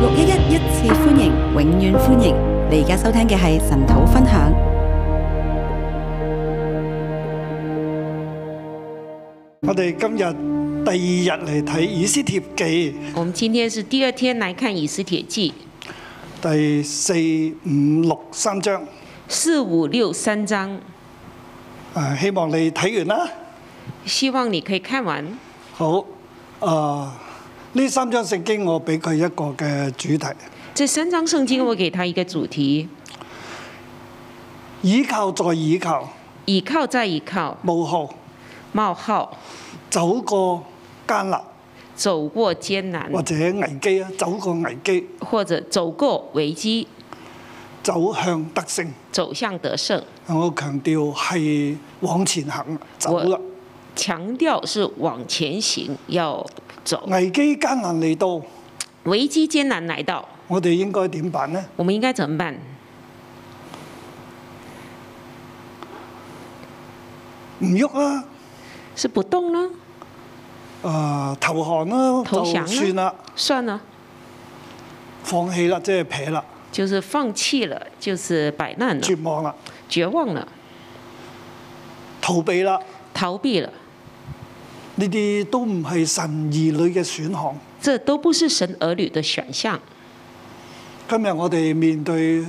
六一一一次歡迎，永遠歡迎！你而家收聽嘅係神討分享。我哋今日第二日嚟睇以斯帖記。我們今天是第二天來看以斯帖記，第，帖記第四五六三章。四五六三章。誒、啊，希望你睇完啦。希望你可以看完。好。啊。呢三章聖經我俾佢一個嘅主題。這三章聖經我給他一個主題。倚靠再倚靠。倚靠再倚靠。冒號冒號。走過艱難。走過艱難。或者危機啊，走過危機。或者走過危機。走向得勝。走向得勝。我強調係往前行，走我強調是往前行，要。危機艱難嚟到，危機艱難來到，我哋應該點辦呢？我們應該怎麼辦？唔喐啦，是不動呢？啊，投降啦，就算啦，算啦，放棄啦，即係撇啦，就是放棄了，就是擺爛了，絕望啦，絕望了，逃避啦，逃避了。呢啲都唔係神兒女嘅選項。這都不是神兒女的選項。今日我哋面對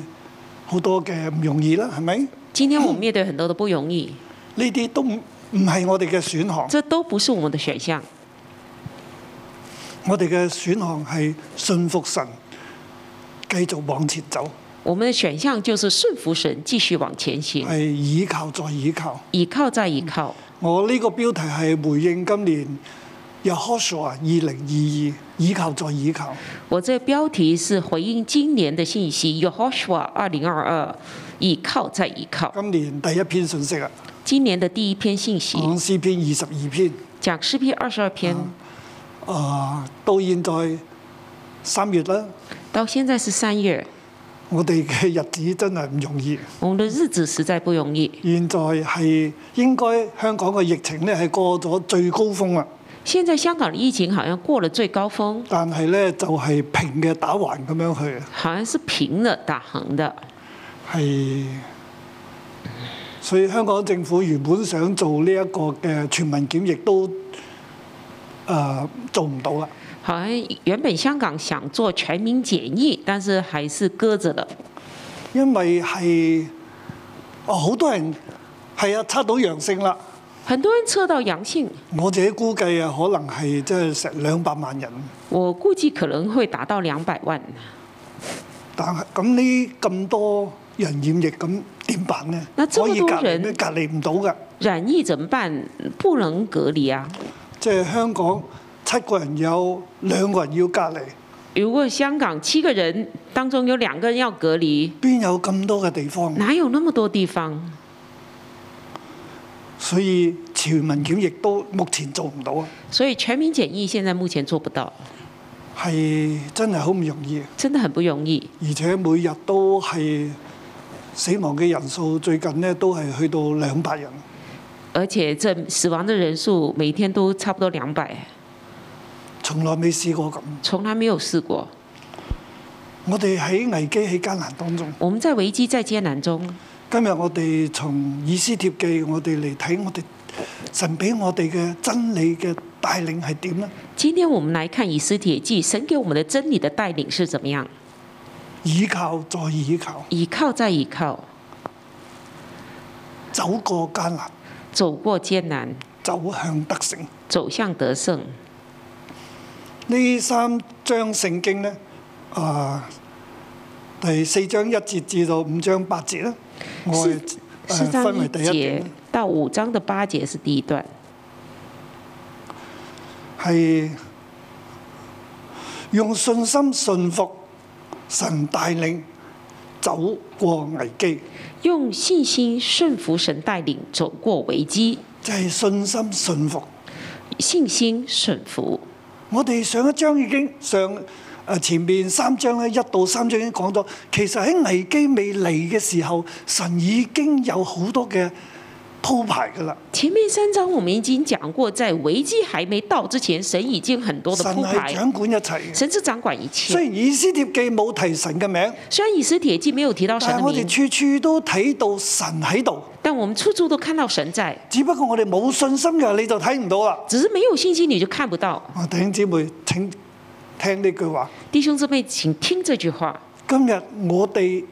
好多嘅唔容易啦，係咪？今天我面對很多的不容易。呢啲都唔唔係我哋嘅選項。這都不是我們的選項。我哋嘅選項係信服神，繼續往前走。我們嘅選項就是信服神，繼續往前行。係倚靠再倚靠，倚靠再倚靠。我呢個標題係回應今年 Yahoshua 二零二二倚靠再倚靠。我這個標題是回應今年的信息 Yahoshua 二零二二倚靠再倚靠。今年第一篇信息啊！今年的第一篇信息。講詩篇二十二篇。講詩篇二十二篇啊。啊，到現在三月啦。到現在是三月。我哋嘅日子真係唔容易。我哋的日子實在不容易。現在係應該香港嘅疫情呢係過咗最高峰啦。現在香港嘅疫情好像過了最高峰。但係呢就係平嘅打橫咁樣去。好像是平嘅打橫的。係。所以香港政府原本想做呢一個嘅全民檢疫都、呃、做唔到啦。好像原本香港想做全民檢疫，但是還是擱着了。因為係哦，好多人係啊測到陽性啦，很多人測到陽性。我自己估計啊，可能係即係成兩百萬人。我估計可能會達到兩百萬。但係咁呢咁多人染疫，咁點辦呢？那這麼多人麼隔離唔到㗎染疫，怎麼辦？不能隔離啊！即係香港。七個人有兩個人要隔離。如果香港七個人當中有兩個人要隔離，邊有咁多嘅地方？哪有那麼多地方？所以全民檢疫都目前做唔到啊。所以全民檢疫現在目前做不到，係真係好唔容易，真的很不容易。而且每日都係死亡嘅人數最近呢都係去到兩百人，而且這死亡的人數每天都差不多兩百。從來未試過咁。從來沒有試過。我哋喺危機喺艱難當中。我們在危機在艱難中。今日我哋從以斯帖記，我哋嚟睇，我哋神俾我哋嘅真理嘅帶領係點呢？今天我們來看以斯帖記，神給我們的真理嘅帶領是怎麼樣？依靠再依靠，依靠再依靠，走過艱難，走過艱難，走向得勝，走向得勝。呢三章聖經呢，啊，第四章一節至到五章八節咧，我係誒，分為第一節到五章嘅八節係第一段，係用信心信服神帶領走過危機，用信心信服神帶領走過危機，就係信心信服，信心信服，信心信服。我哋上一章已經上前面三章一到三章已經講咗。其實喺危機未嚟嘅時候，神已經有好多嘅鋪排㗎啦。前面三章我們已經講過，在危機還沒到之前，神已經很多的鋪排。神係掌管一切。神是掌管一切。雖然《以斯帖記》冇提神嘅名。雖然《以斯帖記》沒有提到神。但係我哋處處都睇到神喺度。但我們處處都看到神在，只不過我哋冇信心嘅，你就睇唔到啦。只是沒有信心，你就看不到。弟兄姊妹，請聽呢句話。弟兄姊妹，請聽這句話。今日我哋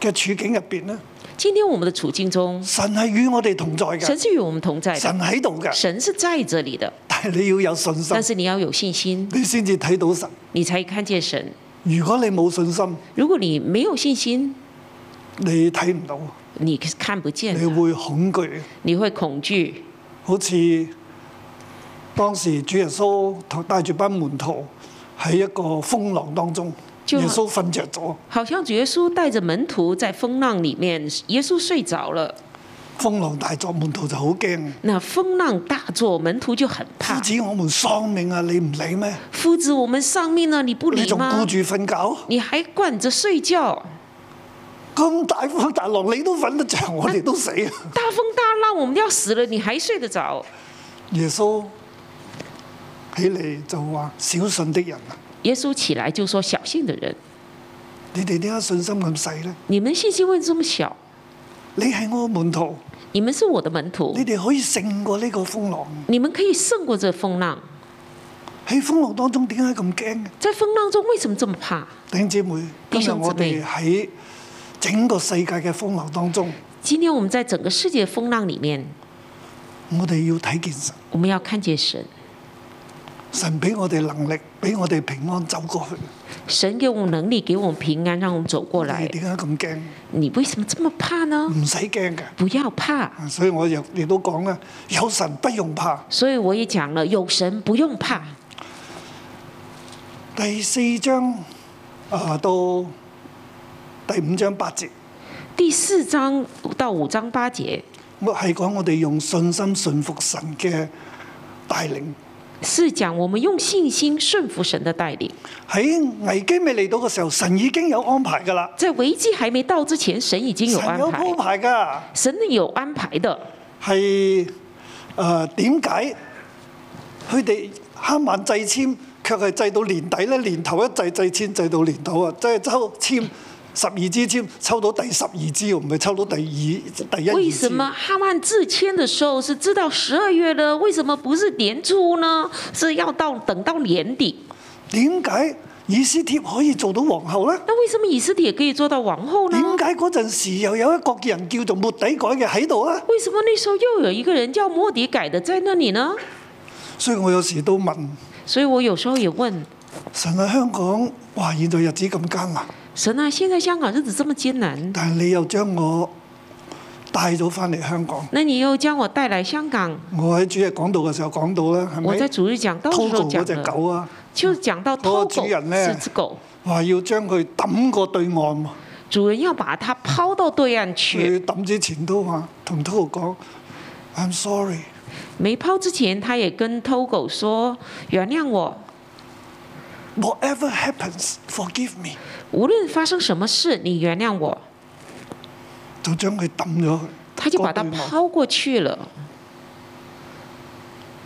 嘅處境入邊呢？今天我們的處境中，神係與我哋同在嘅，神是與我們同在的，神喺度嘅，神是在這裏嘅。但係你要有信心，但是你要有信心，你先至睇到神，你才看見神。如果你冇信心，如果你沒有信心，你睇唔到。你看不見，你會恐懼，你會恐懼，好似當時主耶穌帶住班門徒喺一個風浪當中，就耶穌瞓着咗，好像主耶穌帶着門徒在風浪裏面，耶穌睡着了，風浪大作，門徒就好驚，那風浪大作，門徒就很怕。夫子我們喪命啊，你唔理咩？夫子我們喪命啊，你不理嗎？你仲顧住瞓覺？你還顧着睡覺？咁大風大浪，你都瞓得着，我哋都死啊！大風大浪，我們都要死了，你還睡得着？耶穌起嚟就話：小信的人啊！耶穌起來就說：小信的人，你哋點解信心咁細呢？你們信心會咁小？你係我門徒。你們是我的門徒。你哋可以勝過呢個風浪。你們可以勝過這風浪。喺風浪當中點解咁驚？在風浪中為什麼這麼怕？弟兄姐妹，今日我哋喺整個世界嘅風浪當中，今天我們在整個世界風浪裏面，我哋要睇見神，我們要看見神，神俾我哋能力，俾我哋平安走過去。神給我能力，給我平安，讓我們走過來。你點解咁驚？你為什麼這麼怕呢？唔使驚㗎，不要怕。所以我亦都講啦，有神不用怕。所以我也講了，有神不用怕。第四章啊、呃，到。第五章八節，第四章到五章八節，我係講我哋用信心順服神嘅帶領。是講我們用信心順服神嘅帶領。喺危機未嚟到嘅時候，神已經有安排噶啦。在危機還未到之前，神已經有安排。神有安排噶。神有安排的。係誒，點解佢哋哈曼祭簽，卻係祭到年底咧？年頭一祭祭簽，祭到年頭啊，即係周簽。十二支簽抽到第十二支，唔係抽到第二、第一支。為什麼哈曼自簽嘅時候是知道十二月呢？為什麼不是年初呢？是要到等到年底？點解以斯帖可以做到皇后呢？那為什麼以斯帖可以做到皇后呢？點解嗰陣時又有一個人叫做末底改嘅喺度呢？為什麼那時候又有一個人叫末底改的，叫莫改的在那裡呢？所以我有時都問，所以我有時候也問，神喺、啊、香港，哇！現在日子咁艱難。神啊！現在香港日子這麼艱難，但係你又將我帶咗翻嚟香港。那你又將我帶嚟香港？我喺主日講道嘅時候講到啦，係咪？我喺主日講到嗰隻狗啊，就講到 Togo。個主人咧話要將佢抌過對岸。主人要把它拋到對岸去。佢、嗯、抌之前都話同 Togo 狗講：I'm sorry。沒拋之前，他也跟 Togo 狗說：原諒我。Whatever happens, forgive me. 無論發生什麼事，你原諒我。就將佢抌咗。佢就把它拋過去了。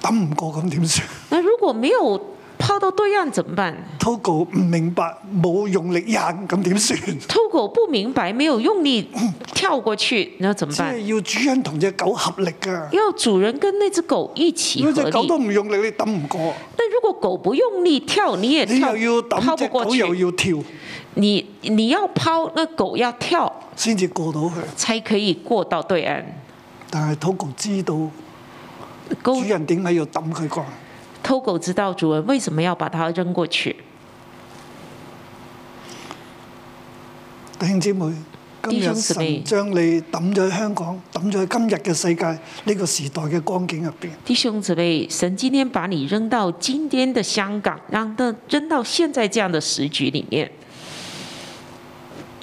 抌唔過咁點算？那如果沒有拋到對岸怎麼辦？兔狗唔明白冇用力扔咁點算？兔狗不明白沒有用力，有用力跳過去，那怎麼辦？即係要主人同隻狗合力㗎。要主人跟那隻狗一起合力。因為隻狗都唔用力，你抌唔過。但如果狗不用力跳，你也你又要抌隻狗又要跳。你你要拋，那狗要跳先至過到去，才可以過到對岸。但係 Togo 知道，主人點解要抌佢過？Togo 知道主人為什麼要把它扔過去？弟兄姊妹，弟兄姊妹，神將你抌咗喺香港，抌咗喺今日嘅世界呢個時代嘅光景入邊。弟兄姊妹，神今天把你扔到今天的香港，讓佢扔到現在這樣的時局裡面。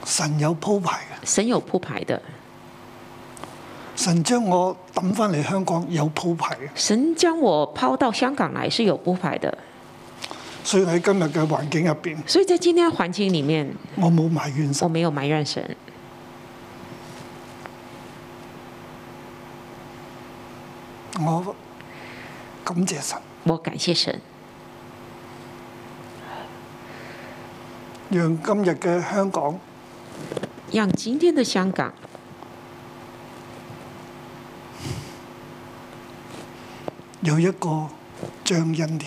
神有鋪排嘅，神有鋪排的，神將我抌翻嚟香港有鋪排嘅，神將我拋到香港嚟是有鋪排的，所以喺今日嘅環境入邊，所以在今天嘅環，環境裡面，我冇埋怨神，我沒有埋怨神，我感謝神，我感謝神，讓今日嘅香港。像今天的香港有一個張恩年，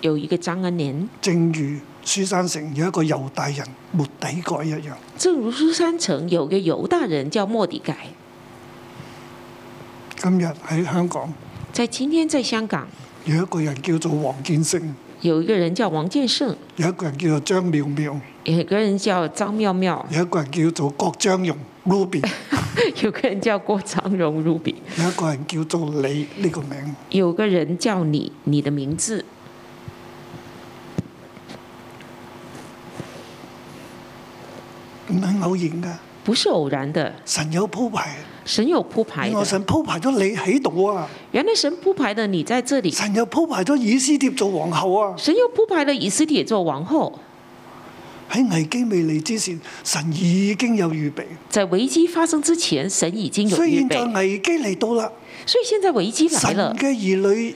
有一個張恩年，正如書山城有一個猶大人末底改一樣，正如書山城有個猶大人叫末底改。今日喺香港，在今天在香港有一個人叫做王建勝，有一個人叫王建勝，有一個人叫做張妙妙。有個人叫張妙妙，有個人叫做郭章勇 Ruby，有個人叫郭章勇 Ruby， 有一個人叫做你呢個名，有個人叫你你、這個、的名字，唔係偶然㗎，不是偶然的，神有鋪排，神有鋪排，我神鋪排咗你喺度啊，原來神鋪排的你喺這裡，神有鋪排咗以斯帖做皇后啊，神有鋪排了以斯帖做皇后，啊、后。喺危機未嚟之前，神已經有預備。在危機發生之前，神已經有預備。所以現在危機嚟到啦，所以現在危機來了。神嘅兒女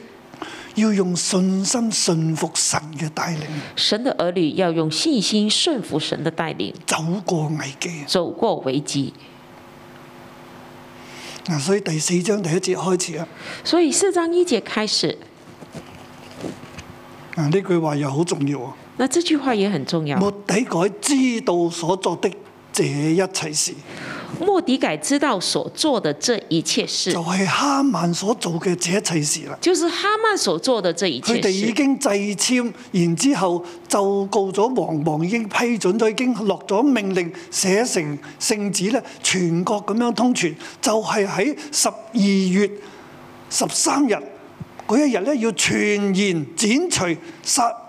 要用信心順服神嘅帶領。神嘅兒女要用信心順服神嘅帶領，走過危機，走過危機。嗱，所以第四章第一節開始啦。所以四章一節開始。嗱，呢句話又好重要啊！那這句話也很重要。末底改知道所做的這一切事。末底改知道所做的這一切事。就係、是、哈曼所做的這一切事啦。就是哈曼所做的這一切事。佢哋已經掣籤，然之後就告咗王，王已經批准咗，都已經落咗命令，寫成聖旨咧，全國咁樣通傳，就係喺十二月十三日嗰一日咧，要全然剪除殺。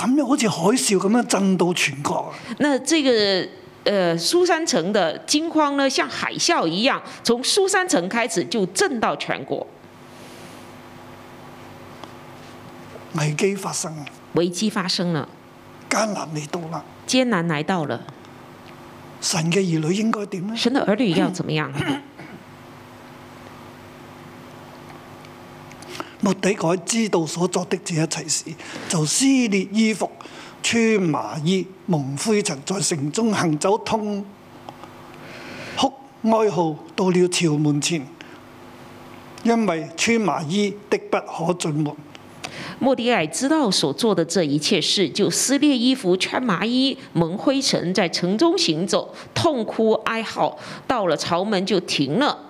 咁樣好似海嘯咁樣震到全國啊！那這個，呃，蘇三城的金慌呢，像海嘯一樣，從蘇三城開始就震到全國。危機發生了，危機發生了。艱難嚟到了，艱難來到了。神嘅兒女應該點呢？神的兒女要怎麼樣？莫迪改知道，這莫迪知道所做的這一切事，就撕裂衣服，穿麻衣，蒙灰塵，在城中行走，痛哭哀嚎，到了朝門前，因為穿麻衣的不可進門。莫迪改知道所做的這一切事，就撕裂衣服，穿麻衣，蒙灰塵，在城中行走，痛哭哀嚎，到了朝門就停了。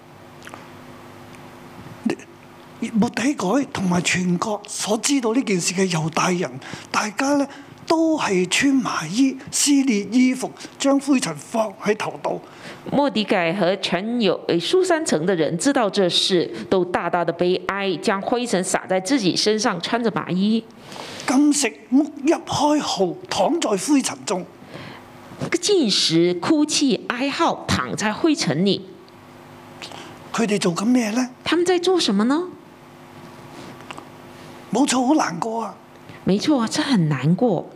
末底改同埋全國所知道呢件事嘅猶大人，大家呢都係穿麻衣、撕裂衣服，將灰塵放喺頭度。末底改和全猶誒書珊城嘅人知道這事，都大大的悲哀，將灰塵撒在自己身上，穿着麻衣。金色木入開號，躺在灰塵中；個見時哭泣哀號，躺在灰塵裡。佢哋做緊咩呢？他們在做什麼呢？冇錯，好難過啊！沒錯啊，真難過。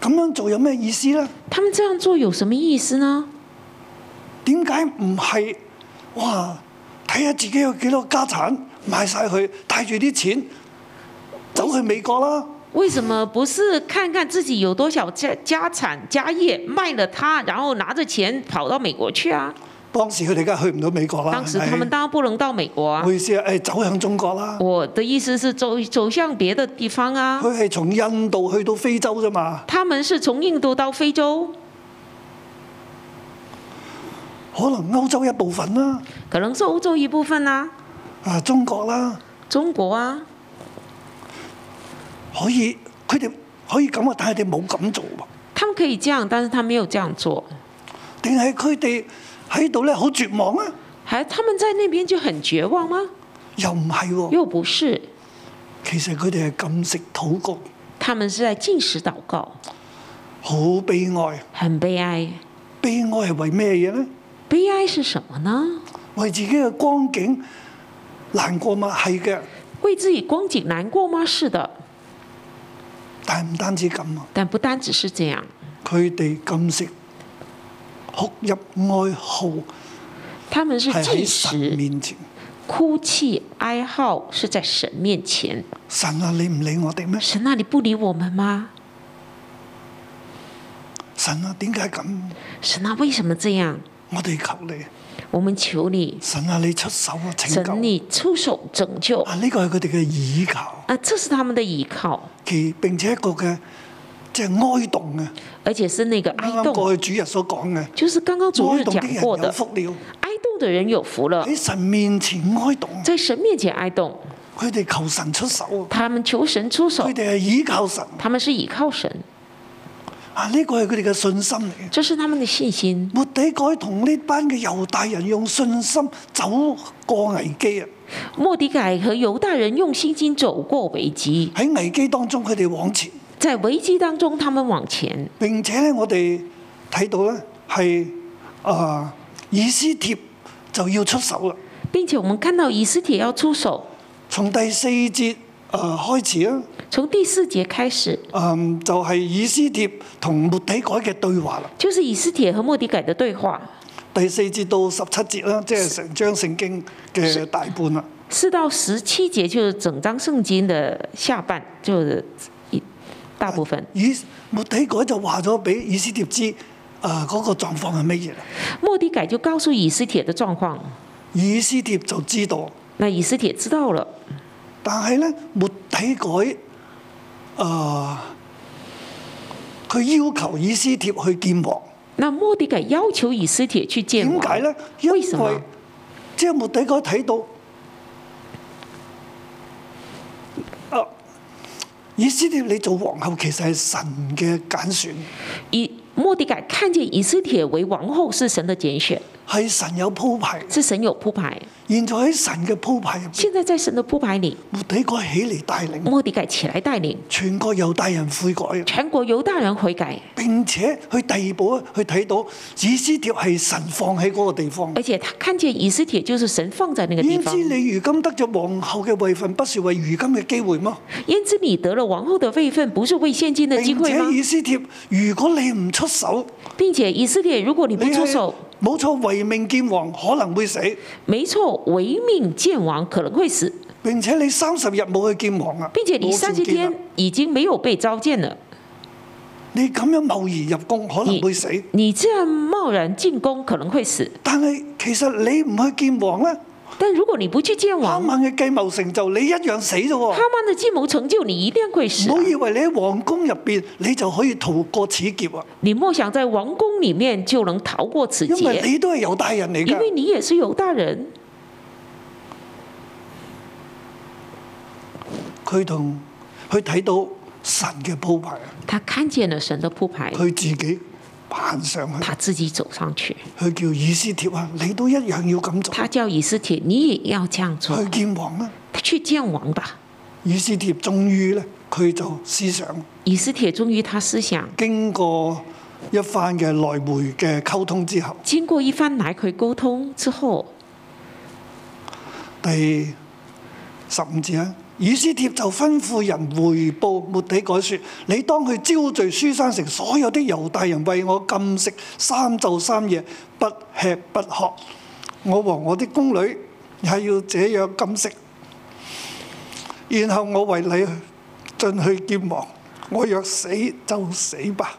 咁樣做有咩意思呢？他們這樣做有什麼意思呢？點解唔係？哇！睇下自己有幾多家產，賣晒佢，帶住啲錢，走去美國啦啊？為什麼不是看看自己有多少家家產家業賣了他，然後拿着錢跑到美國去啊？當時佢哋梗係去唔到美國啦、哎。當時他們當然不能到美國、啊。佢意思係、哎、走向中國啦。我的意思是走走向別的地方啊。佢係從印度去到非洲啫嘛。他們係從印度到非洲？可能歐洲一部分啦、啊。可能是歐洲一部分啦、啊。啊，中國啦、啊。中國啊。可以，佢哋可以咁啊，但係佢冇咁做喎。他們可以咁，但是他冇咁做。定係佢哋？喺度咧，好絕望啊！係，他們在那邊就很絕望嗎？又唔係喎。又不是啊。其實佢哋係禁食禱告。他們是在禁食禱告。好悲哀。很悲哀。悲哀係為咩嘢呢？悲哀是什麼呢？為自己嘅光景難過嗎？係嘅。為自己光景難過嗎？是的。但唔單止咁啊。但不單止是這樣。佢哋禁食。哭泣哀號，他們是祭司面前哭泣哀號，是在神面前。神啊，你唔理我哋咩？神啊，你不理我們嗎？神啊，點解咁？神啊，為什麼這樣？我哋求你，我們求你，神啊，你出手啊，請神你出手拯救。啊，呢個係佢哋嘅倚靠。啊，這是他們嘅倚靠。其，並且一個嘅。即係哀動，而且是那個哀動剛剛過主日所講嘅，就是剛剛主日講過的。哀動的人有福了。哀動的人有福了。喺神面前哀動，在神面前哀動，佢哋求神出手。他們求神出手，佢哋係倚靠神，他們是倚靠神。啊，呢、這個係佢哋嘅信心嚟嘅。這是他們嘅信，、就是，信心。摩底改同呢班嘅猶大人用信心走過危機啊！摩底改和猶大人用信心走過危機。喺危機當中，佢哋往前。在危機當中，他們往前。並且咧，我哋睇到咧，係、呃、啊，以斯帖就要出手啦。並且我們看到以斯帖要出手，從第四節啊、呃、開始啦。從第四節開始。嗯，就係以斯帖同末底改嘅對話啦。就是以斯帖和末底改嘅對、就是、對話。第四節到十七節啦，即係成章聖經嘅大半啦。四到十七節就係整章聖經嘅下半，就是。大部分以末底改就話咗俾以斯帖知，啊嗰個狀況係咩嘢？末底改就告訴以斯帖嘅狀況，以斯帖就知道。那以斯帖知道了，但係咧，末底改，啊、呃，佢要求以斯帖去見王。那末底改要求以斯帖去見王，點解咧？為什麼？因為，即係末底改睇到。以斯帖你做皇后其實係神嘅揀選，以末底改看見以斯帖為王后是神嘅揀選。係神有鋪排，即神有鋪排。現在喺神嘅鋪排，現在在神嘅鋪排裏。末底改起嚟帶領，末底改起嚟帶領，全國有大人悔改，全國有大人悔改，並且去第二步去睇到以斯帖係神放喺嗰個地方。而且他看見以斯帖就是神放在那個地方。焉知你如今得咗王后嘅位份，不是為如今嘅機會嗎？焉知你得了王后嘅位份，不是為現今嘅機會嗎？並且以斯帖，如果你唔出手，並且以斯帖，如果你唔出手。冇錯，違命見王可能會死。沒錯，違命見王可能會死。並且你三十日冇去見王啦。並且你三十天已經沒有被召見了。你咁樣貿然入宮可能會死。你這樣貿然進宮可能會死。但係其實你唔去見王咧。但如果你不去見王，他們的計謀成就你一樣死咗。他們的計謀成就你一定會死啊。唔好以為你喺王宮入面，你就可以逃過此劫啊！你莫想在王宮裏面就能逃過此劫。因為你都係猶大人嚟噶。因為你也是猶大人。佢同佢睇到神嘅鋪排。他看見了神的鋪排。佢自己。爬上去，他自己走上去。佢叫以斯帖啊，你都一樣要咁做。他叫以斯帖，你也要這樣做。他去見王啦，去見王吧。以斯帖終於呢，佢就思想。以斯帖終於，他思想。經過一番嘅來回嘅溝通之後，經過一番來回溝通之後，第十五節啊。以斯帖就吩咐人回報末底改說，你當去招聚書珊城所有的猶大人為我禁食三晝三夜，不吃不喝，我和我的宮女也要這樣禁食。然後我為你進去見王，我若死就死吧。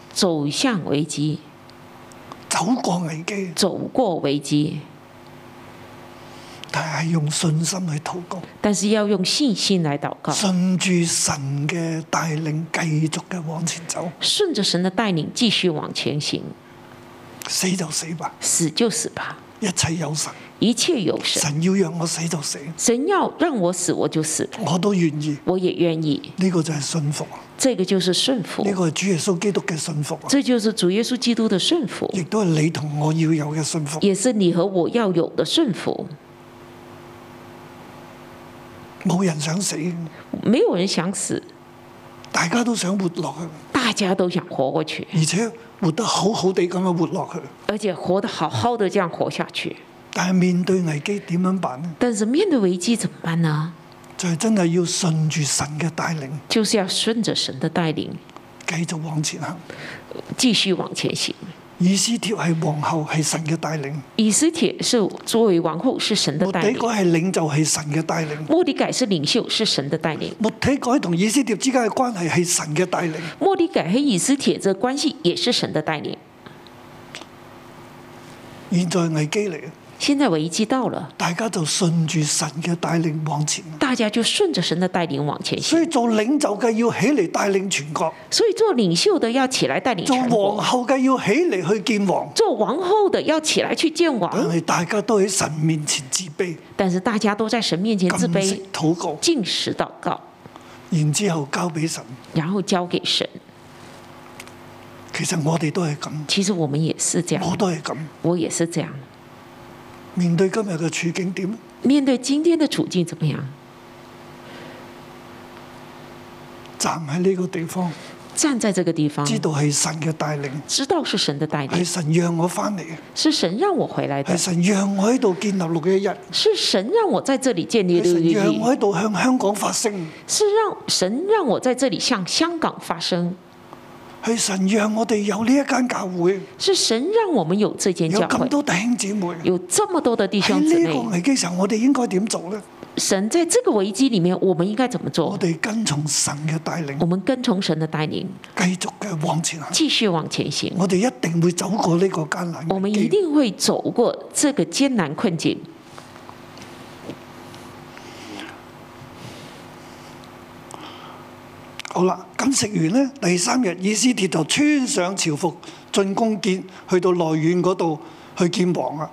走向危機，走過危機，走過危機，但係用信心去禱告，但是要用信心來禱告，順住神嘅帶領繼續嘅往前走，順着神嘅帶領繼續往前行，死就死吧，死就死吧。一切有神，一切有神。神要讓我死就死，神要讓我死我就死，我都願意，我也願意。呢個就係順服，這個就是順服。呢個係主耶穌基督嘅順服，這就是主耶穌基督嘅順服，亦都係你同我要有嘅順服，也是你和我要有的順服。冇人想死，沒有人想死，大家都想活落去，大家都想活過去，而且，活得好好地咁樣活落去，而且活得好好的，這樣活下去。但係面對危機點樣辦呢？但是面對危機怎麼辦呢？就係真係要順住神嘅帶領，就是要順着神嘅帶領，繼續往前行，繼續往前行。以斯帖係皇后，係神嘅帶領。以斯帖是作為皇后，是神嘅帶領。末底改係領袖，係神嘅帶領。末底改是領袖，是神嘅帶領。末底改同以斯帖之間嘅關係係神嘅帶領。末底改係以斯帖，這關係也是神嘅帶領。現在危機嚟。現在危機到了，大家就順住神嘅帶領往前。大家就順着神的帶領往前。所以做領袖嘅要起嚟帶領全國。所以做領袖的要起來帶領全國。做皇后嘅要起嚟去見王。做王后的要起來去見王。係大家都喺神面前自卑。但是大家都在神面前自卑，禁食禱告，然之後交俾神。然後交給神。其實我哋都係咁。其實我們也是這樣。我都係咁。我也是這樣。面對今日嘅處境點？面對今天的處境怎麼樣？站喺呢個地方，站在這個地方，知道係神嘅帶領，知道是神的帶領，係神讓我翻嚟，是神讓我回來的，係神讓我喺度建立六一一日，是神讓我在這裏建立六一一日，係神讓我喺度向香港發聲，是神讓我在這裏向香港發聲。係神讓我哋有呢一間教會，是神讓我們有這間教會。有咁多弟兄姊妹，有這麼多的弟兄姊妹。呢個危機時候我哋應該點做呢？神在這個危機裡面，我們應該怎麼做？我哋跟從神嘅帶領。我們跟從神的帶領，繼續嘅往前行，繼續往前行。我哋一定會走過呢個艱難，我們一定會走過這個艱難困境。好啦，咁食完呢，第三日以斯帖就穿上朝服，進宮見，去到內院嗰度去見王啊。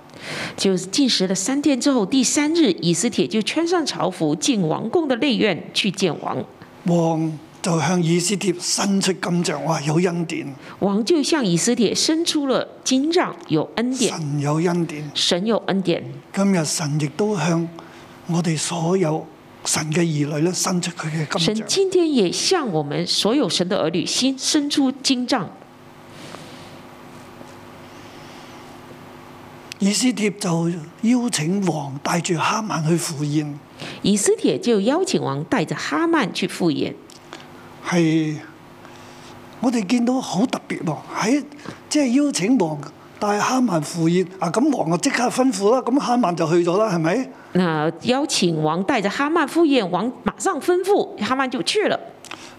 就禁食了三天之後，第三日以斯帖就穿上朝服，進王宮的內院去見王。王就向以斯帖伸出金杖，哇，有恩典。王就向以斯帖伸出了金杖，有恩典。神有恩典。神有恩典。今日神亦都向我哋所有，神嘅兒女咧，伸出佢嘅金杖。神今天也向我們所有神的兒女，先伸出金杖。以斯帖就邀請王帶住哈曼去赴宴。以斯帖就邀請王帶着哈曼去赴宴。係，我哋見到好特別喎，喺、哎、即係邀請王帶哈曼赴宴。啊，咁王就即刻吩咐啦，咁哈曼就去咗啦，係咪？那邀請王帶着哈曼赴宴，王馬上吩咐哈曼就去了。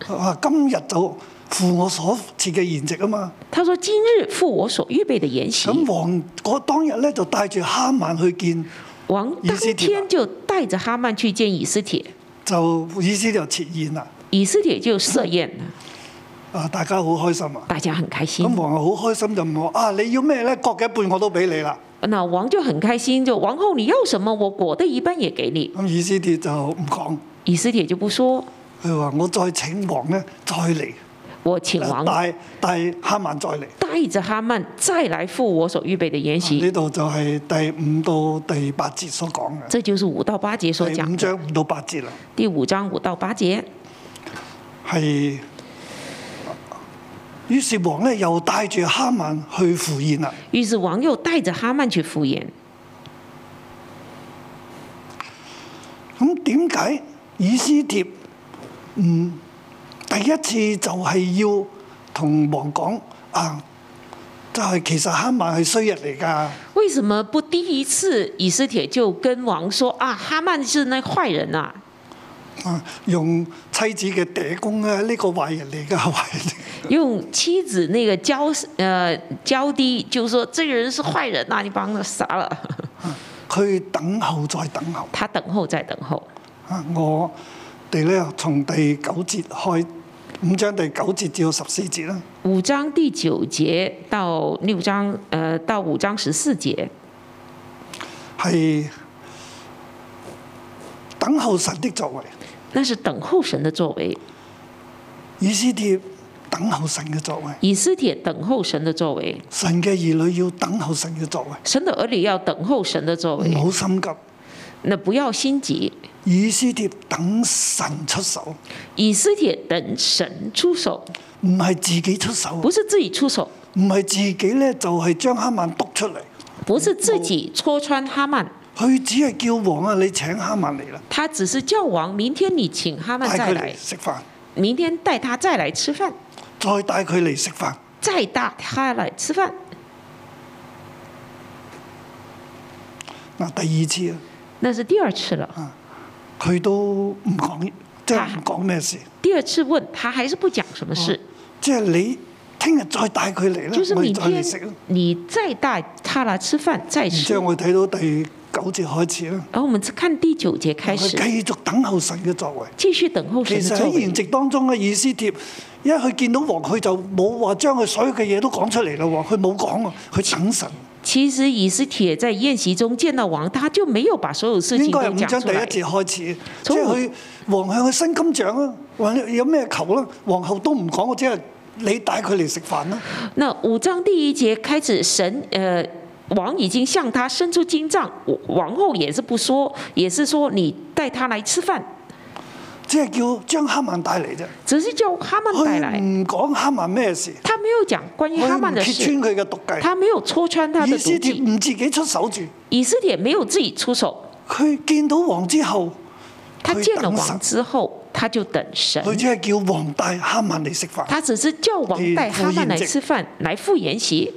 啊，今日就赴我所設嘅宴席啊嘛！他說今日赴我所預備的宴席。咁王嗰當日咧就帶住哈曼去見王，以斯帖。當天就帶着哈曼去見以斯帖。就以斯帖就設宴啦。以斯帖就設宴啦。啊！大家好開心啊！大家很開心啊。咁王好開心就問我：啊，你要咩咧？國嘅一半我都俾你啦！那王就很開心，就王后，你要什麼？我國的一半也給你。咁以斯帖就唔講，以斯帖就不說。佢話我再請王呢，再嚟。我請王，帶、帶哈曼再嚟，帶着哈曼再來赴我所預備的筵席。呢、啊、度就係第五到第八節所講嘅。這就是五到八節所講。第五章五到八節啦。第五章五到八節，係。於是王咧又帶住哈曼去赴宴啦。於是王又帶着哈曼去赴宴。咁點解以斯帖唔、嗯、第一次就係要同王講啊？就係、是、其實哈曼係衰人嚟噶。為什麼不第一次以斯帖就跟王說啊？哈曼是那壞人啊？啊、這個！用妻子嘅嗲工啊，呢個壞人嚟噶壞人。用妻子呢個嬌，呃嬌滴，就是說，這個人是壞人那、啊、你幫佢殺了。佢等候再等候。他等候再等候。啊，我哋咧從第九節開，五章第九節至到十四節啦。五章第九節到六章，呃，到五章十四節，係等候神的作為。那是等候神的作為。以斯帖等候神嘅作為。以斯帖等候神嘅作為。神嘅兒女要等候神嘅作為。神的兒女要等候神嘅作為。唔好心急，那不要心急。以斯帖等神出手。以斯帖等神出手。唔係自己出手。不是自己出手。唔係自己咧，就係將哈曼督出嚟。不是自己戳穿哈曼。佢只係叫王啊，你請哈曼嚟啦。佢只是叫王，明天你請哈曼再嚟食飯。明天帶他再嚟食飯，再帶佢嚟食飯，再帶他嚟食飯。嗱、嗯啊，第二次啊。那是第二次了。啊，佢都唔講，即係唔講咩事，啊。第二次問他，還是不講什麼事。即係你聽日再帶佢嚟啦。就是明天，再、就是、明天再你再帶他嚟吃飯，再、嗯。即係我睇到第。九節開始啦。而我們看第九節開始。繼續等候神嘅作為。繼續等候神嘅作為。其實喺筵席當中嘅以斯帖，因為佢見到王，佢就冇話將佢所有嘅嘢都講出嚟咯。佢冇講啊，佢請神。其實以斯帖在宴席中見到王，他就沒有把所有事情講出嚟。應該係五章第一節開始，即係佢王向佢伸金杖咯，或有咩求咯，皇后都唔講，我只係你帶佢嚟食飯啦。嗱，五章第一節開始，神，誒、呃。王已經向他伸出金杖，王后也是不說，也是說你帶他來吃飯。即係叫將哈曼帶嚟啫。只是叫哈曼帶來，唔講哈曼咩事。他沒有講關於哈曼的事。他沒有戳穿他的毒計。以斯帖唔自己出手住。以斯帖沒有自己出手。佢見到王之後，他見到王之後，他就等神。佢只係叫王帶哈曼嚟食飯。他只是叫王帶哈曼嚟食飯，嚟赴宴席。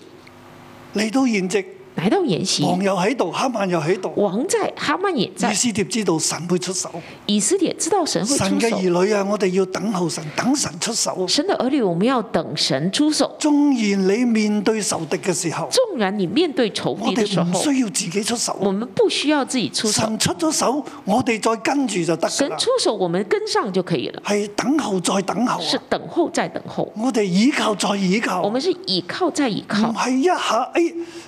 嚟到宴席。來到筵席，王又喺度，哈曼又喺度。王在，哈曼也在。以斯帖知道神會出手。以斯帖知道神會。神嘅兒女啊，我哋要等候神，等神出手。神的兒女，我們要等神出手。縱然你面對仇敵嘅時候，縱然你面對仇敵的時候，我哋唔需要自己出手。我們不需要自己出手。神出咗手，我哋再跟住就得。神出手，我們跟上就可以了。係等候再等候、啊，是等候再等候、啊。我哋依靠再依靠。我們是倚靠再依靠。唔係一下，誒、哎，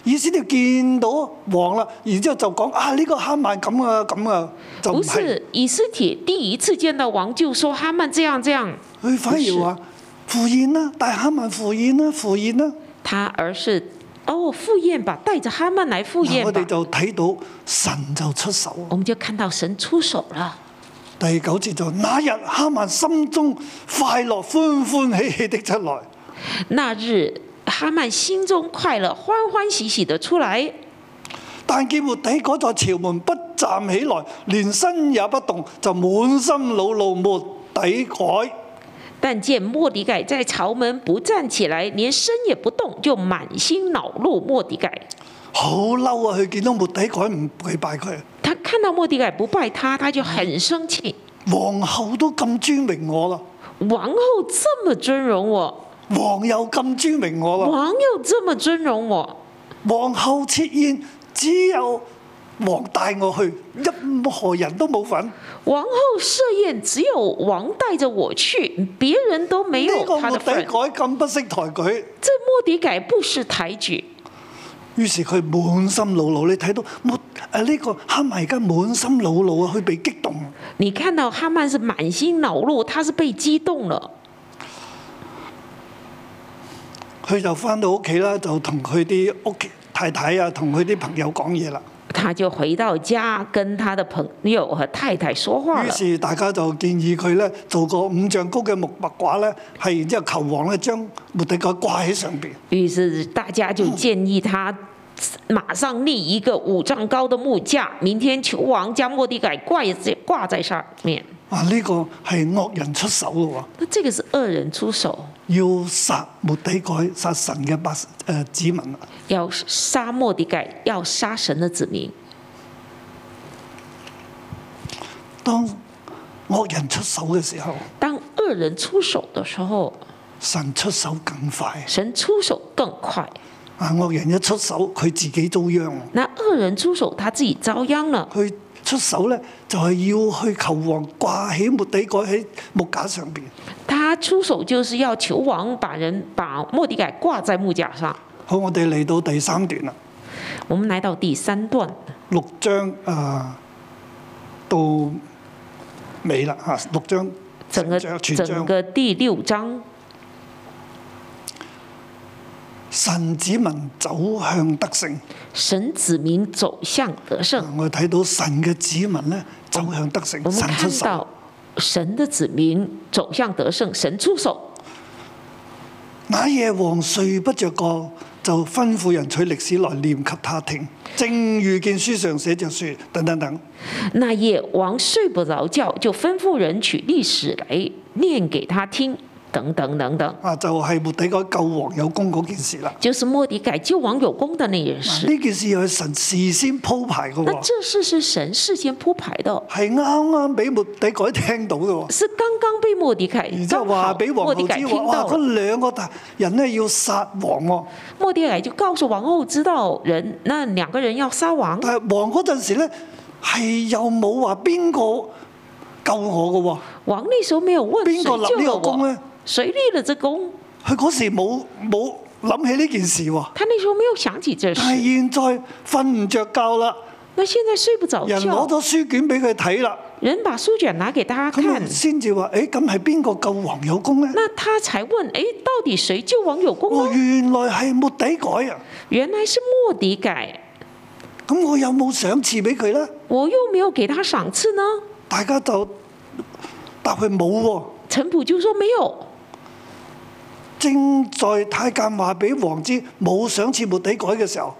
以斯見到王啦，然之後就講啊，呢個哈曼咁啊咁啊，就唔係。不是，以斯帖第一次見到王，就說哈曼這樣這樣。佢反而話赴宴啦，帶哈曼赴宴啦，赴宴啦。他而是哦赴宴吧，帶着哈曼嚟赴宴。我哋就睇到神就出手。我們就看到神出手啦。第九節就那日哈曼心中快樂歡歡喜喜的出來。那日。哈曼心中快樂，歡歡喜喜地出來。但見末底改在朝門不站起來，連身也不動，就滿心惱怒末底改。但見末底改在朝門不站起來，連身也不動，就滿心惱怒末底改。好嬲啊！佢見到末底改唔跪拜佢。他看到末底改不拜他，他就很生氣。皇后都咁尊榮我啦。皇后這麼尊榮我。王又咁尊榮我啦！王又這麼尊榮我，啊。王后設宴，只有王帶我去，任何人都冇份。王后設宴，只有王帶着我去，別人都沒有他的份。呢個末底改咁不識抬舉老老。這末底改不識抬舉。於是佢滿心惱怒，你睇到末啊呢個哈曼而家滿心惱怒啊，佢被激動。你看到哈曼是滿心惱怒，他是被激動了。佢就翻到屋企啦，就同佢啲屋企太太啊，同佢啲朋友講嘢啦。他就回到家，跟他，家太太、啊、跟他的朋友和太太說話，於是大家就建議佢咧做個五丈高嘅木木架咧，係然之後求王咧將末底改掛喺上邊。於是大家就建議他馬上立一個五丈高的木架，明天求王將末底改掛在掛在上面。啊！呢、這個係惡人出手咯，喎。那這個是惡人出手。要殺末底改，殺神嘅百誒子民。要殺末底改，要殺神嘅子民。當惡人出手嘅時候，當惡人出手嘅時候，神出手更快。神出手更快。啊，惡人一出手，佢自己遭殃。那惡人出手，他自己遭殃了。出手咧，就係要去求王掛起末底改喺木架上邊。他出手就是要求王把人把末底改掛在木架上。好，我哋嚟到第三段啦。我們來到第三段。六章啊，到尾啦嚇，六章。整個整個第六章。神子民走向得勝，神子民走向得勝。我哋睇到神嘅子民咧，走向得勝，神出手。到神嘅子民走向得勝，神出手。那夜王睡不着覺，就吩咐人取歷史來念給他聽。正遇見書上寫着說，等等等。那夜王睡不着覺，就吩咐人取歷史來念給他聽。等等等等，啊，就係末底改救王有功嗰件事啦。就是末底改救王有功的那件事，呢、啊、件事係神事先鋪排嘅。那這事是神事先鋪排的。係啱啱俾末底改聽到嘅。是剛剛被末底改，然之後話俾王后知道，解解哇，嗰兩個大人咧要殺王喎、哦。末底改就告訴王后知道人，那兩個人要殺王。但係王嗰陣時咧，係又冇話邊個救我嘅喎。王呢時候未有問邊個立呢個功咧？誰立了這功？佢嗰時冇冇諗起呢件事喎。他那時候沒有想起這事。但係現在瞓唔着覺啦。那現在睡不着。人攞咗書卷俾佢睇啦。人把書卷拿給大家看，先至話：，誒、哎，咁係邊個救王有功咧？那他才問：，誒、哎，到底誰救王有功呢？哦，原來係末底改啊！原來是末底改。咁我有冇賞賜俾佢咧？我又沒有給他賞賜呢。大家就答佢冇喎。陳普就說沒有。正在太監話俾王知冇賞賜末底改嘅時候，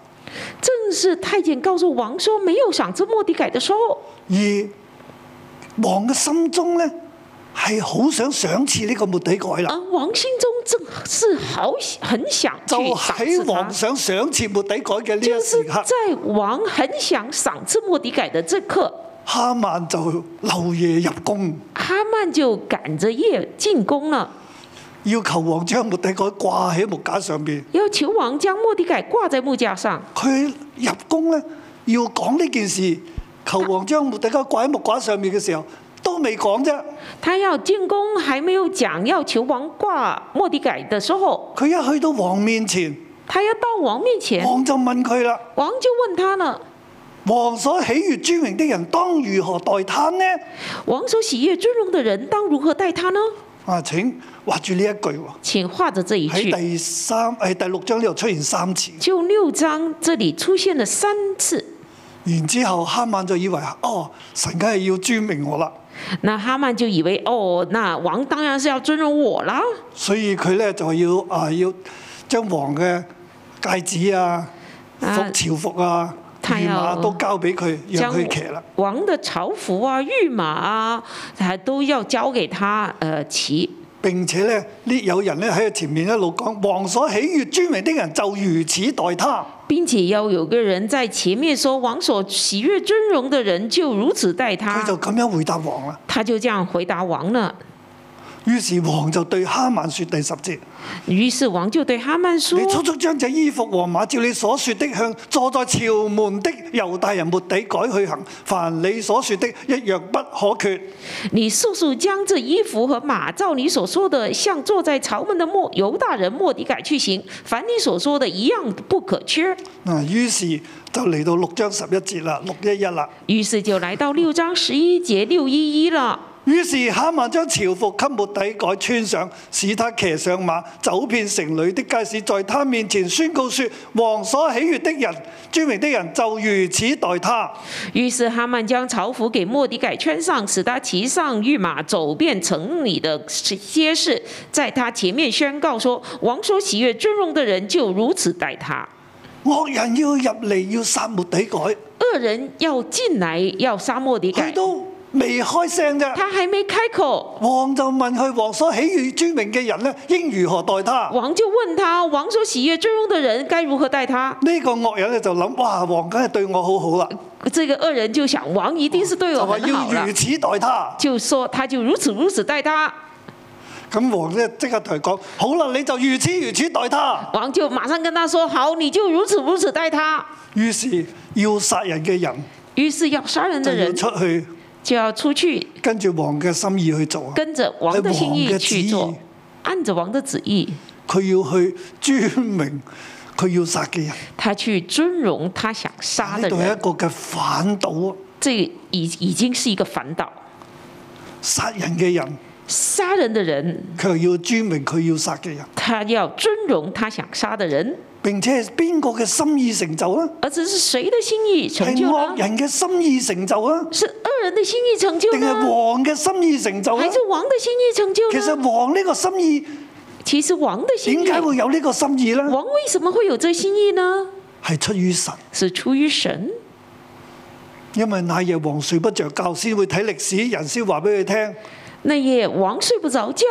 正是太監告訴王說沒有賞賜末底改嘅時候，而王嘅心中咧係好想賞賜呢個末底改啦。啊，王心中正是好很想去賞賜他。就喺王想賞賜末底改嘅呢一時刻，就是、在王很想賞賜末底改嘅這刻，哈曼就漏夜入宮。哈曼就趕着夜進宮了。要求王將末底改掛喺木架上面。要求王將末底改掛在木架上。佢入宮呢，要講呢件事，求王將末底改掛喺木架上面嘅時候，都未講啫。他要進宮，還沒有講要求王掛末底改嘅時候。佢一去到王面前，他一到王面前。王就問佢啦。王就問他啦。王所喜悅尊榮的人，當如何待他呢？王所喜悅尊榮的人，當如何待他呢？啊！請畫住呢一句喎。請畫住呢一句。喺第三喺、哎、第六章呢度出現三次。就六章，這裡出現咗三次。然之後哈曼就以為哦，神梗係要尊榮我啦。那哈曼就以為，哦，那王當然是要尊重我啦。所以佢咧就要啊，要將王嘅戒指啊，服朝服啊。啊御馬都交俾佢，讓佢騎啦。王的朝服啊，御馬啊，都要交給他，誒、呃，騎。並且咧，呢有人咧喺佢前面一路講，王所喜悅尊榮的人就如此待他。並且又有個人在前面說，王所喜悅尊榮的人就如此待他。佢就咁樣回答王啦。他就這樣回答王啦。於是王就對哈曼説，第十節。於是王就對哈曼説：你速速將這衣服和馬照你所説的，向坐在朝門的猶大人末底改去行，凡你所説的、的、的、的、的一樣不可缺。你速速將這衣服和馬照你所説的，向坐在朝門的末猶大人末底改去行，凡你所説的一樣不可缺。啊，於是就嚟到六章十一節啦，六一一啦。於是就來到六章十一節六一一了。於是哈曼將朝服給莫底改穿上，使他騎上馬，走遍城裏的街市，在他面前宣告說：王所喜悅的人、著名的人就如此待他。於是哈曼將朝服給莫底改穿上，使他騎上御馬，走遍城裏的街市，在他前面宣告說：王所喜悅尊榮的人就如此待他。惡人要入嚟要殺莫底改，惡人要進來要殺莫底改。他未開聲啫。他還沒開口，王就問佢，王所喜悅尊榮嘅人呢，應如何待他？王就問他，王所喜悅尊榮嘅人，該如何待他？呢個惡人咧就諗，哇！王梗係對我好好啦。這個惡人就想，王一定是對我很好。啊就是、要如此待他，啊、他，就說他就如此如此待他。咁王呢即刻同佢講，好啦，你就如此如此待他。王就馬上跟他說，好，你就如此如此待他。於是要殺人嘅人，於是要殺人嘅人出去。就要出去，跟住王嘅心意去做，跟住王嘅心意去做，按着王的旨意。佢要去尊明，佢要殺嘅人。他去尊容他想殺的人。呢度係一個嘅反倒。這已已經是一個反倒殺人嘅人，殺人嘅人，佢要尊明，佢要殺嘅人。他要尊容他想殺嘅人。並且係邊個嘅心意成就啊？而這是誰的心意成就啊？係惡人嘅心意成就啊！是惡人嘅心意成就？定係王嘅心意成就啊？還是王的心意成就？其實王呢個心意，其實王嘅心意點解會有呢個心意呢？王為什麼會有這個心意呢？係出於神，是出於神。因為那夜王睡不着覺，先會睇歷史，人先話俾佢聽。那夜王睡不着覺，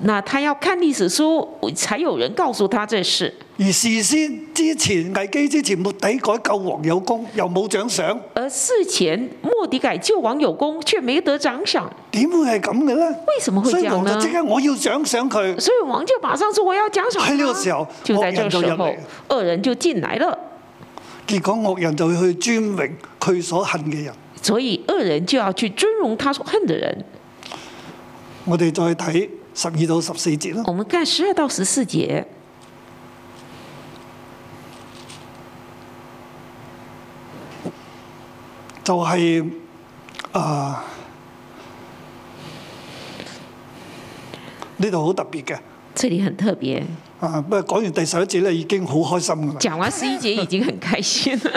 那他要看歷史書，才有人告訴他這事。而事先之前危機之前，莫迪改救王有功，又冇獎賞。而事前莫迪改救王有功，卻沒得獎賞。點會係咁嘅呢？為什麼會這樣呢？所以王就即刻，我要獎賞佢，所以王就馬上說我要獎賞。喺呢個時候，惡人就入嚟，惡人就進來了。結果惡人就去尊榮佢所恨嘅人。所以惡人就要去尊榮他所恨嘅人，人，人。我哋再睇十二到十四節啦。我們看十二到十四節。就係、是、啊呢度好特別嘅。這裡很特別的。啊，不過講完第十一節咧，已經好開心噶啦。講完十一節已經很開心啦。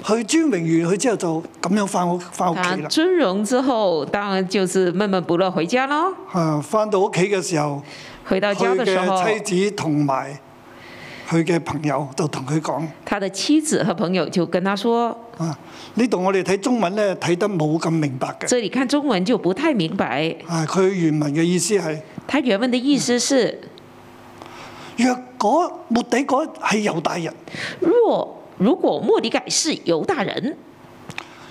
很心 去尊榮完去之後就咁樣翻屋翻屋企啦。尊、啊、容之後，當然就是悶悶不樂回家咯。啊，翻到屋企嘅時候，回到家嘅時候，妻子同埋。佢嘅朋友就同佢講，他的妻子和朋友就跟他說：，呢度我哋睇中文咧睇得冇咁明白嘅。這你看中文就不太明白的。啊，佢原文嘅意思係，他原文的意思是：的思是嗯、若果末底改係猶大人，若如果末底改是猶大人。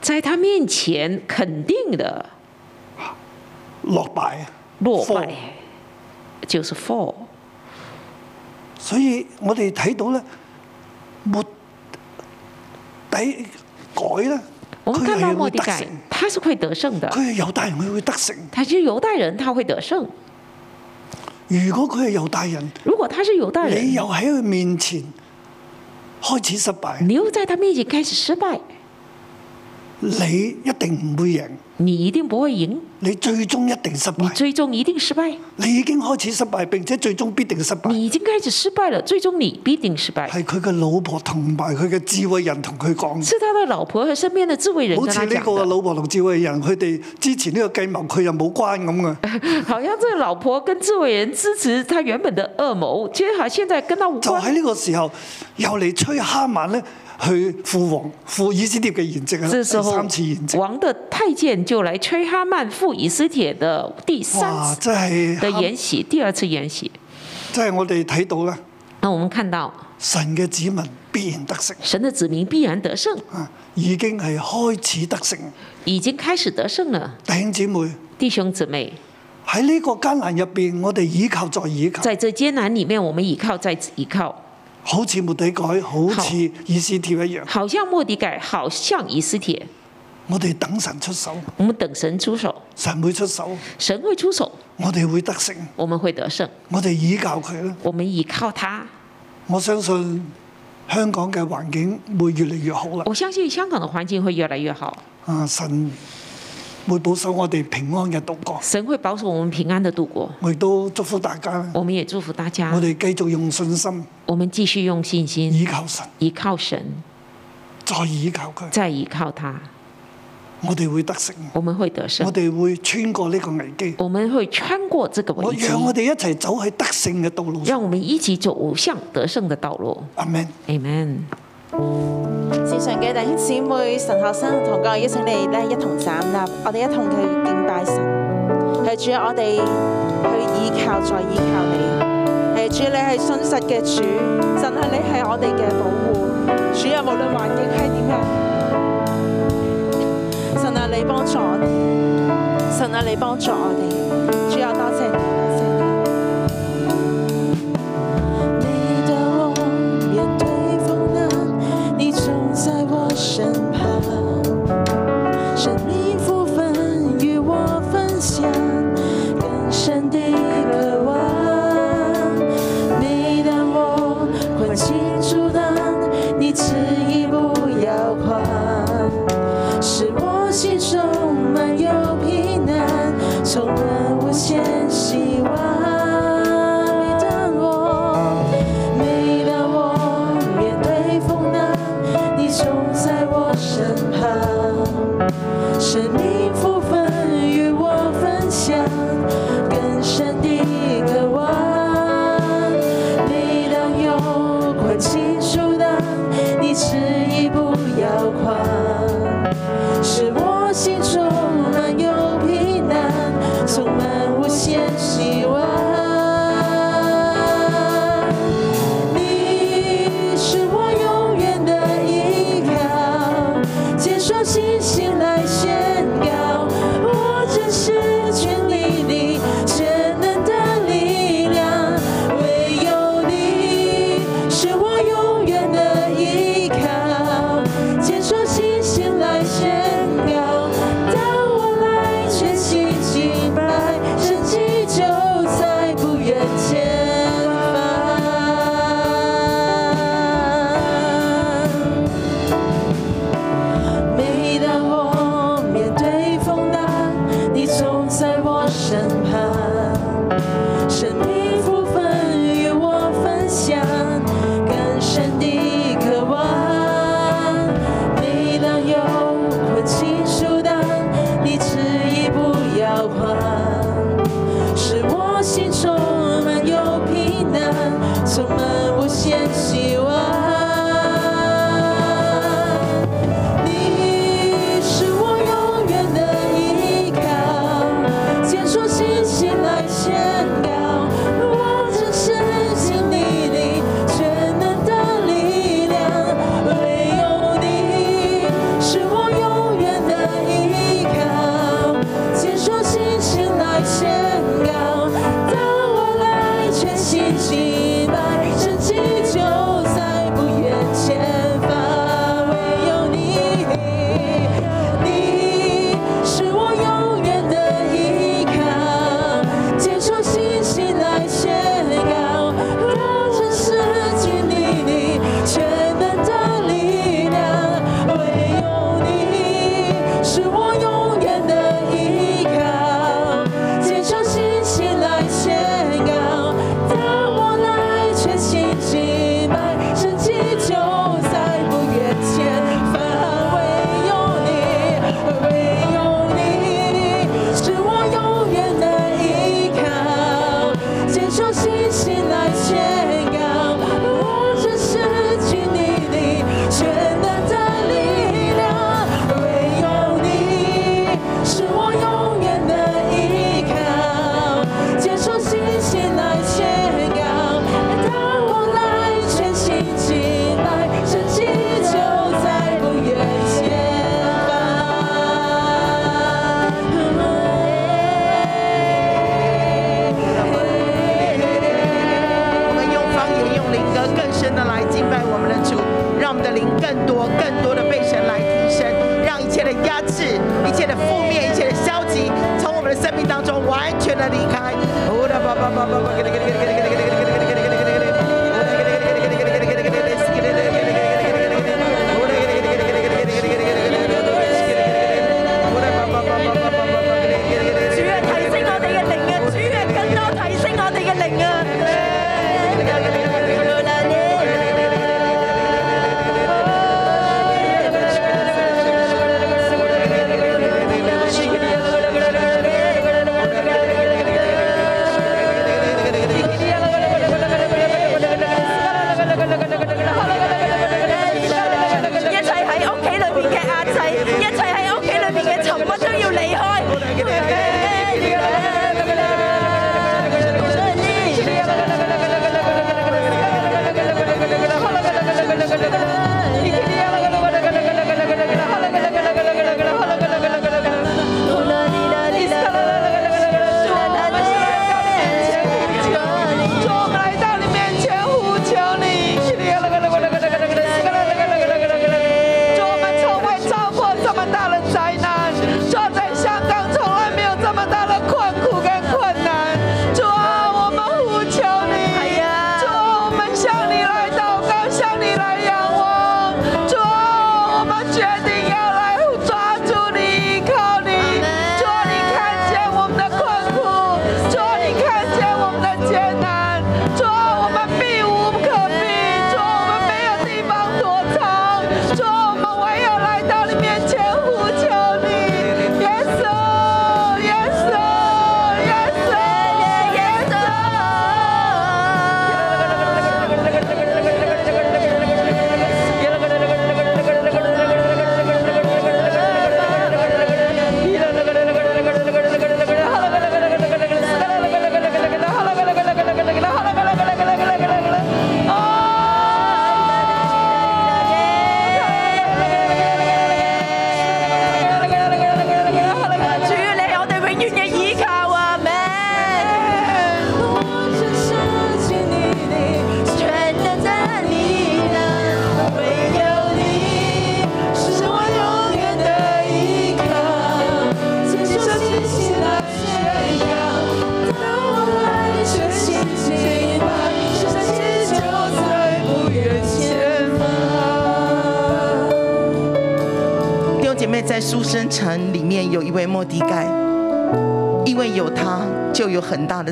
在他面前，肯定的落敗，落敗、fall. 就是 fall。所以我哋睇到咧，末底改咧，會我們看到末底改。他是會得勝的。佢係猶大人，佢會得勝。他是猶大人，但是猶大人他會得勝。如果佢係猶大人，如果他是猶大人，你又喺佢面前開始失敗，你又在他面前開始失敗。你一定唔會贏。你一定唔會贏。你最終一定失敗。你最終一定失敗。你已經開始失敗，並且最終必定失敗。你已經開始失敗了，最終你必定失敗。係佢嘅老婆同埋佢嘅智慧人同佢講。是他的老婆和身邊嘅智慧人跟他講。好似呢個老婆同智慧人，佢哋支持呢個計謀，佢又冇關咁嘅。好像個老婆跟智慧人支持他原本的惡謀，即係好，現在跟到。無就喺呢個時候，又嚟吹哈曼咧。去赴王赴以斯帖嘅筵席啊！這時候三次筵席，王的太監就嚟催哈曼赴以斯帖的第三次的，哇，即係的筵席、第二次筵席，即係我哋睇到啦。那我們看到神嘅子民必然得勝，神的子民必然得勝啊！已經係開始得勝，已經開始得勝了，弟兄姊妹，弟兄姊妹喺呢個艱難入邊，我哋倚靠再倚靠，在這艱難裡面，我們倚靠再倚靠。好似末底改，好似以斯帖一樣。好像末底改，好像以斯帖。我哋等神出手。我哋等神出手。神會出手。神會出手。我哋會得勝。我們會得勝。我哋依靠佢啦。我們倚靠他。我相信香港嘅環境會越嚟越好啦。我相信香港嘅環境會越嚟越好。啊，神，會保守我哋平安嘅度過。神會保守我們平安的度過。我亦都祝福大家。我們也祝福大家。我哋繼續用信心。我們繼續用信心。依靠神。依靠神。再依靠佢。再依靠他。我哋會得勝。我們會得勝。我哋會穿過呢個危機。我們會穿過這個危機。我讓我哋一齊走喺得勝嘅道路。讓我們一起走向得勝的道路。阿門。阿門。線上嘅弟兄姊妹、神學生同各位，邀請你哋咧一同站立，我哋一同去敬拜神。係主啊，我哋去倚靠，再倚靠你。係主，你係信實嘅主，神啊，你係我哋嘅保護。主啊，無論環境係點樣，神啊，你幫助我哋，神啊，你幫助我哋。主啊，多謝、謝。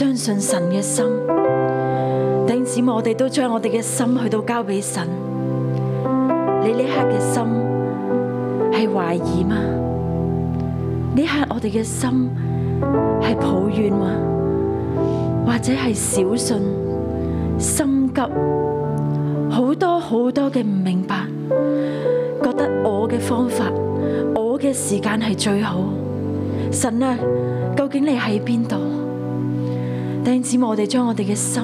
相信神嘅心，點子我哋都將我哋嘅心去到交俾神。你呢刻嘅心係懷疑嗎？呢刻我哋嘅心係抱怨嗎？或者係小信、心急、好多好多嘅唔明白，覺得我嘅方法、我嘅時間係最好。神啊，究竟你喺邊度？只望我哋將我哋嘅心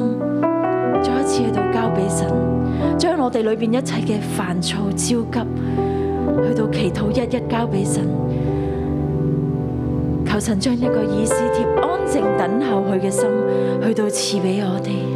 再一次去到交俾神，將我哋裏邊一切嘅煩躁焦急，去到祈禱一一交俾神。求神將一個以斯帖安靜等候佢嘅心，去到賜俾我哋。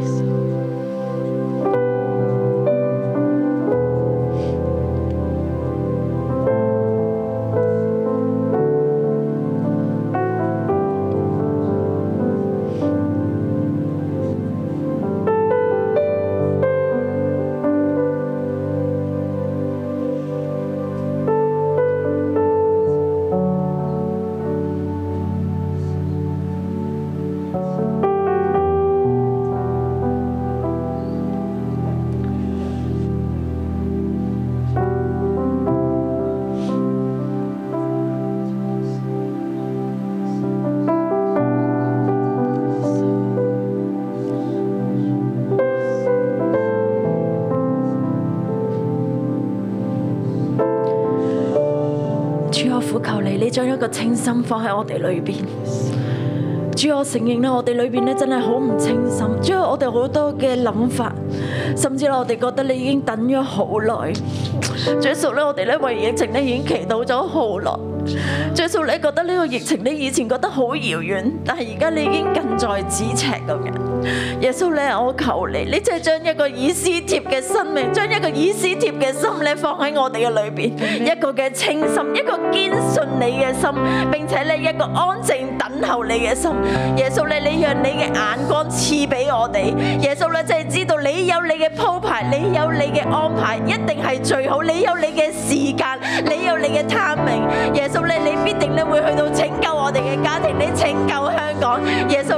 一個清心放喺我哋裏邊，主要我承認咧，我哋裏邊咧真係好唔清心。主要我哋好多嘅諗法，甚至我哋覺得你已經等咗好耐。最熟咧，我哋咧為疫情咧已經祈禱咗好耐。最熟你覺得呢個疫情你以前覺得好遙遠，但係而家你已經近在咫尺咁樣。耶穌咧，我求你，你即係將一個以斯帖嘅生命，將一個以斯帖嘅心咧放喺我哋嘅裏邊，一個嘅清心，一個堅信你嘅心，並且咧一個安靜等候你嘅心。耶穌咧，你讓你嘅眼光賜俾我哋。耶穌咧，即係知道你有你嘅鋪排，你有你嘅安排，一定係最好。你有你嘅時間，你有你嘅 timing。耶穌咧，你必定咧會去到拯救我哋嘅家庭，你拯救香港。耶穌。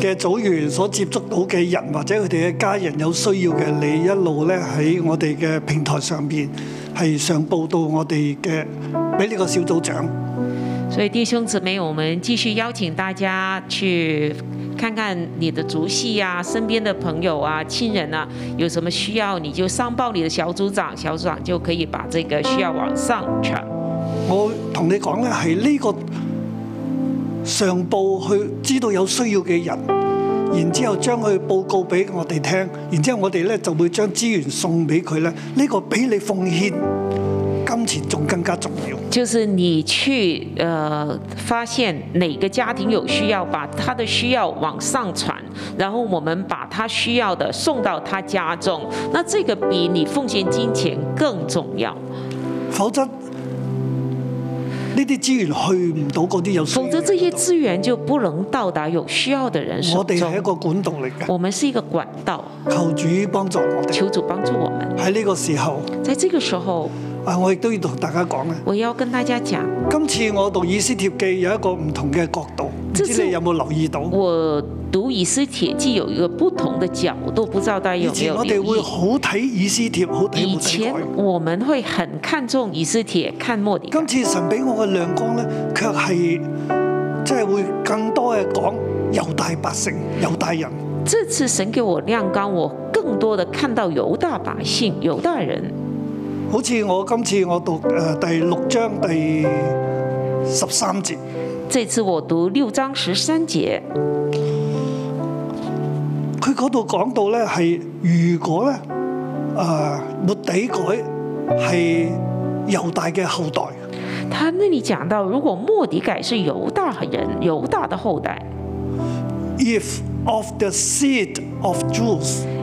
嘅組員所接觸到嘅人或者佢哋嘅家人有需要嘅，你一路咧喺我哋嘅平台上邊係上報到我哋嘅，俾呢個小組長。所以弟兄姊妹，我們繼續邀請大家去看看你的族系啊，身邊的朋友啊、親人啊，有什麼需要你就上報你的小組長，小組長就可以把這個需要往上傳。我同你講咧，係呢個。上報去知道有需要嘅人，然之後將佢報告俾我哋聽，然之後我哋咧就會將資源送俾佢咧。呢、這個比你奉獻金錢仲更加重要。就是你去誒、呃、發現哪個家庭有需要，把他的需要往上傳，然後我們把他需要的送到他家中。那這個比你奉獻金錢更重要，否則。呢啲資源去唔到嗰啲有，否則這些資源就不能到達有需要的人手中。我哋係一個管道嚟嘅，我們是一個管道。求主幫助我哋，求主幫助我們。喺呢個時候，喺呢個時候，啊，我亦都要同大家講啊，我要跟大家講。今次我讀以斯帖記有一個唔同嘅角度，唔知你有冇留意到？我讀以斯帖記有一個不同的角度，不知道大家有冇？以前我哋會好睇以斯帖，好睇。以前我們會很看重以斯帖，看末底改。今次神俾我嘅亮光咧，卻係即係會更多嘅講猶大百姓、猶大人。這次神給我亮光，我更多地看到猶大百姓、猶大人。好似我今次我讀誒、呃、第六章第十三節。這次我讀六章十三節。佢嗰度講到咧，係如果咧，誒末底改係猶大嘅後代。他那裏講到，如果末底改是猶大人，猶大的後代。If of the seed of Jews。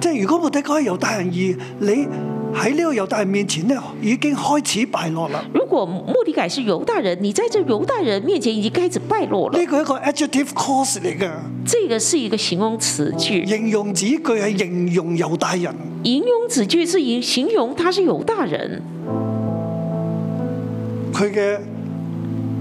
即係如果穆迪改係猶大人二，你喺呢個猶大人面前呢，已經開始敗落啦。如果穆迪改是猶大人，你在這猶大人面前已經開始敗落啦。呢個係一個 adjective clause 嚟㗎。呢、這個是一個形容詞句。形容詞句係形容猶大人。形容詞句是以形容他是猶大人。佢嘅。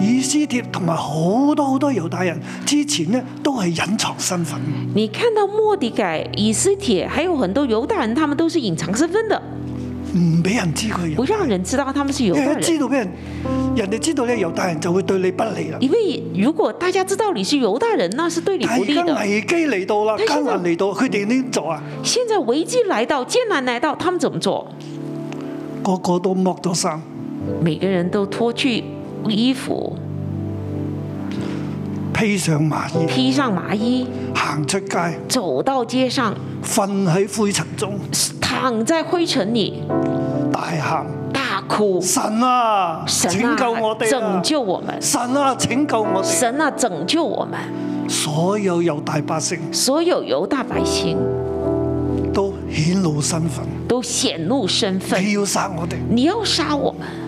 以斯帖同埋好多好多猶大人之前呢，都係隱藏身份。你看到莫迪改以斯帖，還有很多猶大人，他們都是隱藏身份的，唔俾人知佢，不讓人知道他們是猶大人。知道俾人，人哋知道咧，猶大人就會對你不利啦。因為如果大家知道你是猶大人，那是對你不利的。危機嚟到啦，艱難嚟到，佢哋點做啊？現在危機來到，艱難來到，他們怎麼做？個個都剝咗衫，每個人都脫去。衣服披上麻衣，披上麻衣，行出街，走到街上，瞓喺灰塵中，躺在灰塵裏，大喊大哭：神啊，拯救我哋啊！拯救我們！神啊，拯救我！神啊，拯救我們！所有猶大百姓，所有猶大百姓都顯露身份，都顯露身份。你要殺我哋，你要殺我們。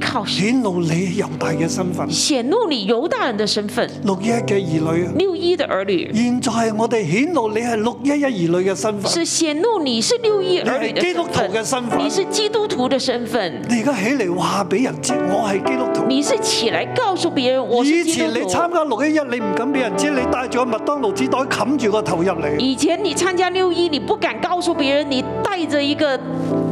靠顯露你猶大嘅身份，顯露你猶大人的身份，六一嘅兒女，六一嘅兒女。現在我哋顯露你係六一一兒女嘅身份，是顯露你是六一，兒女基督徒嘅身份，你是基督徒嘅身份。你而家起嚟話俾人知，我係基督徒。你是起來告訴別人，我係基督徒。以前你參加六一一，你唔敢俾人知，你帶住個麥當勞紙袋冚住個頭入嚟。以前你參加六一，你不敢告訴別人，你帶着一個。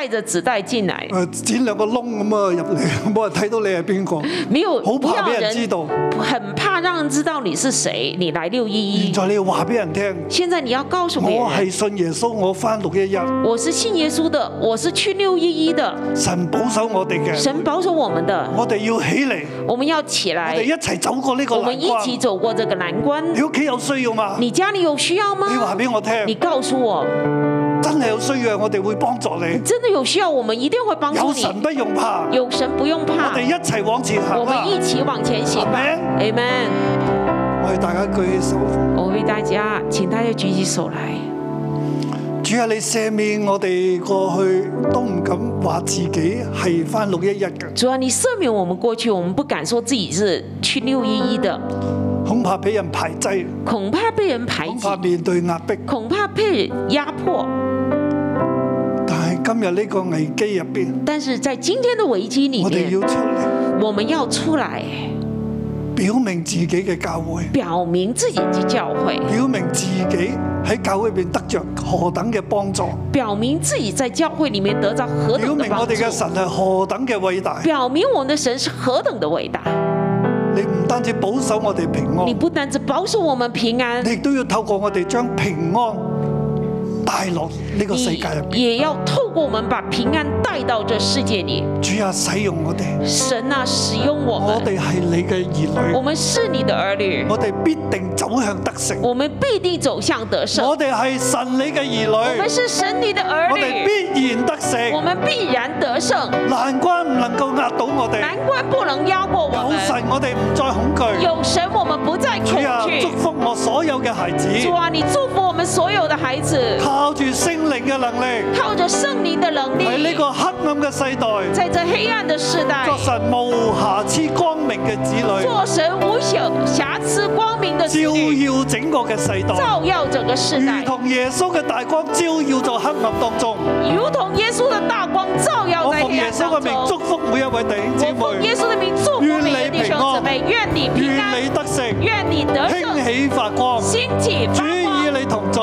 帶着紙袋進來，剪兩個窿咁啊入嚟，冇人睇到你係邊個，沒有，好怕俾人知道，很怕讓人知道你是誰，你來六一一。現在你要話俾人聽，現在你要告訴我，我係信耶穌，我翻六一一，我是信耶穌的，我是去六一一的。神保守我哋嘅，神保守我們的，我哋要起嚟，我們要起來，我哋一齊走過呢個難關，我們一起走過這個難關。你屋企有需要嗎？你家裏有需要嗎？你話俾我聽，你告訴我。真係有需要，我哋會幫助你。你真的有需要，我們一定會幫助你。有神不用怕，有神不用怕。我哋一齊往前行。我們一起往前行。阿門，阿門。我為大家，嗯，請大家舉起手。我為大家，請大家舉起手來。主要你赦免我哋過去都唔敢話自己係返六一一嘅。主要你赦免我們過去，我們不敢說自己是去六一一的，恐怕俾人排擠，恐怕被人排擠，恐怕面對壓迫，恐怕被壓迫。今日呢個危機入邊，但是在今天的危機裏面，我們要出來，表明自己嘅教會，表明自己嘅教會，表明自己喺教會入邊得着何等嘅幫助，表明自己在教會裏面得着何等的幫助，表明我哋嘅神係何等嘅偉大，表明我們的神是何等的偉大。你唔單止保守我哋平安，你不單止保守我們平安，你都要透過我哋將平安。快樂呢個世界入邊，你也要透過我們把平安帶到這世界裏。主啊，使用我哋。神啊，使用我們。我哋係你嘅兒女。我們是你的兒女。我哋必定走向得勝。我們必定走向得勝。我哋係神你嘅兒女。我們是神你嘅兒女。我哋必然得勝。我們必然得勝。難關唔能夠壓倒我哋。難關不能壓過我們。有神，我哋唔再恐懼。有神，我們不再恐懼。祝福我所有嘅孩子。主啊，你祝福我們所有嘅孩子。靠住聖靈嘅能力，靠着聖靈的能力，喺呢個黑暗嘅世代，在這黑暗的時代，作神無瑕疵光明嘅子女，作神無瑕瑕疵光明的子女，照耀整個嘅世代，照耀整個世代，如同耶穌嘅大光照耀在黑暗當中，如同耶穌嘅大光照耀在黑暗當中。我奉耶穌嘅名祝福每一位弟兄姊妹，願你平安，願你平安，願你得勝，願你得勝，興起發光，主與你同在。